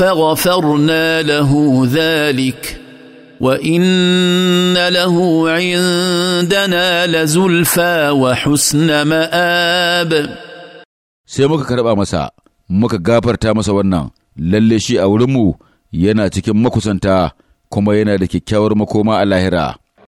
na فغفرنا له ذلك وان له عندنا wa husna مآب sai muka karɓa masa muka gafarta masa wannan lalle shi a wurinmu yana cikin makusanta kuma yana da kyakkyawar makoma a lahira